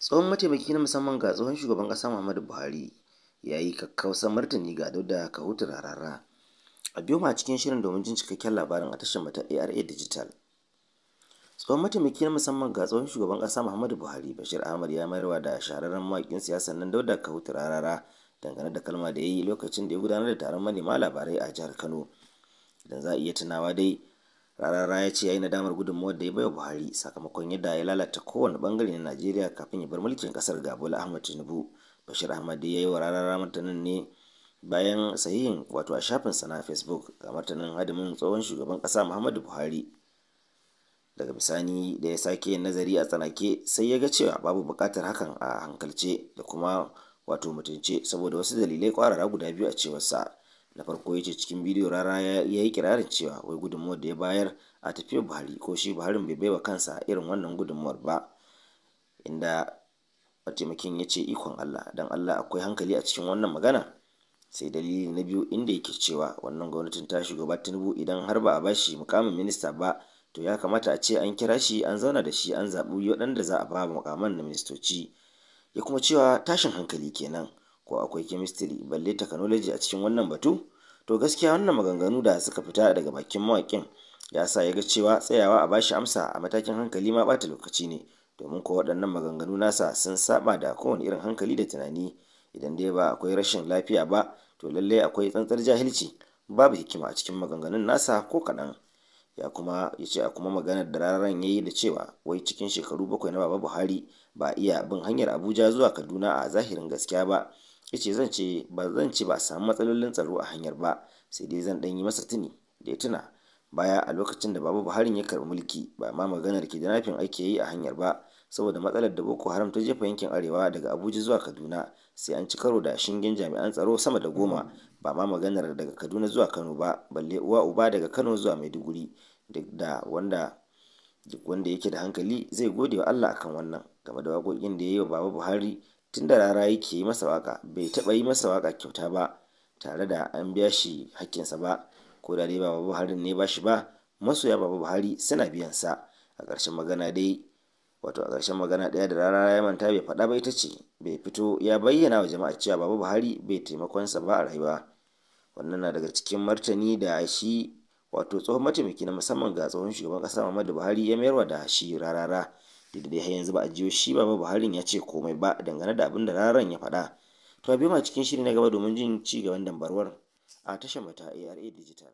tsohon mataimaki na musamman ga tsohon shugaban ƙasa muhammadu buhari ya yi kakkausar martani ga dauda kahutu rarara a biyu ma cikin shirin domin jin cikakken labarin a tashar mata ara digital tsohon mataimaki na musamman ga tsohon shugaban ƙasa muhammadu buhari bashir ahmad ya mayarwa da shahararren mawakin siyasa nan dauda kahutu rarara dangane da kalma da ya yi lokacin da ya gudanar da taron manema labarai a jihar kano idan za a iya tunawa dai Rarara ya ce ya yi nadamar gudunmawar da ya baiwa Buhari sakamakon yadda ya lalata kowane bangare na Najeriya kafin ya bar mulkin kasar ga Bola ahmad Tinubu. Bashir Ahmad ya yi wa rarara martanin ne bayan sahihin wato a shafin sana Facebook ga martanin hadimin tsohon shugaban kasa Muhammadu Buhari. Daga bisani da ya sake nazari a tsanake sai ya ga cewa babu bukatar hakan a hankalce da kuma wato mutunce saboda wasu dalilai kwarara guda biyu a cewarsa. na farko ya ce cikin bidiyo rara ya yi kirarin cewa wai gudunmuwar da ya bayar a tafiyar buhari ko shi buharin bai baiwa kansa irin wannan gudunmuwar ba inda mataimakin ya ce ikon allah don allah akwai hankali a cikin wannan magana sai dalili na biyu inda yake cewa wannan gwamnatin ta shugaba tinubu idan har ba a bashi mukamin minista ba to ya kamata a ce an kira shi an zauna da shi an zaɓi waɗanda za a ba mukaman na ministoci ya kuma cewa tashin hankali kenan ko akwai chemistry balle technology a cikin wannan batu to gaskiya wannan maganganu da suka fita daga bakin mawakin ya sa ya ga cewa tsayawa a bashi amsa a matakin hankali ma bata lokaci ne domin ko waɗannan maganganu nasa sun saba da kowane irin hankali da tunani idan dai ba akwai rashin lafiya ba to lallai akwai tsantsar jahilci babu hikima a cikin maganganun nasa ko kaɗan ya kuma ya ce a kuma maganar da raran ya yi da cewa wai cikin shekaru bakwai na baba buhari ba iya bin hanyar abuja zuwa kaduna a zahirin gaskiya ba ya ce zan ce ba zan ce ba samu matsalolin tsaro a hanyar ba sai dai zan ɗan yi masa tuni da ya tuna baya a lokacin da babu buharin ya karbi mulki ba ma maganar kidnapping ake yi a hanyar ba saboda matsalar da boko haram ta jefa yankin arewa daga abuja zuwa kaduna sai an ci karo da shingen jami'an tsaro sama da goma ba ma maganar daga kaduna zuwa kano ba balle uwa uba daga kano zuwa maiduguri duk da wanda duk wanda yake da hankali zai gode wa allah akan wannan game da waƙoƙin da ya yi wa baba buhari tun da rara yake yi masa waka bai taɓa yi masa waka kyauta ba tare da an biya shi hakkinsa ba ko da dai baba buhari ne ba shi ba masoya baba buhari suna biyan sa a ƙarshen magana dai wato a ƙarshen magana ɗaya da rara ya manta bai faɗa ba ita ce bai fito ya bayyana wa jama'a cewa baba buhari bai taimakonsa ba a rayuwa wannan na daga cikin martani da shi wato tsohon mataimaki na musamman ga tsohon shugaban ƙasa muhammadu buhari ya mayarwa da shi rarara duk dai har yanzu ba a jiyo shi baba harin ya ce komai ba dangane da abin da raran ya faɗa to a cikin shiri na gaba domin jin ci gaban dambarwar a tashar mata ara digital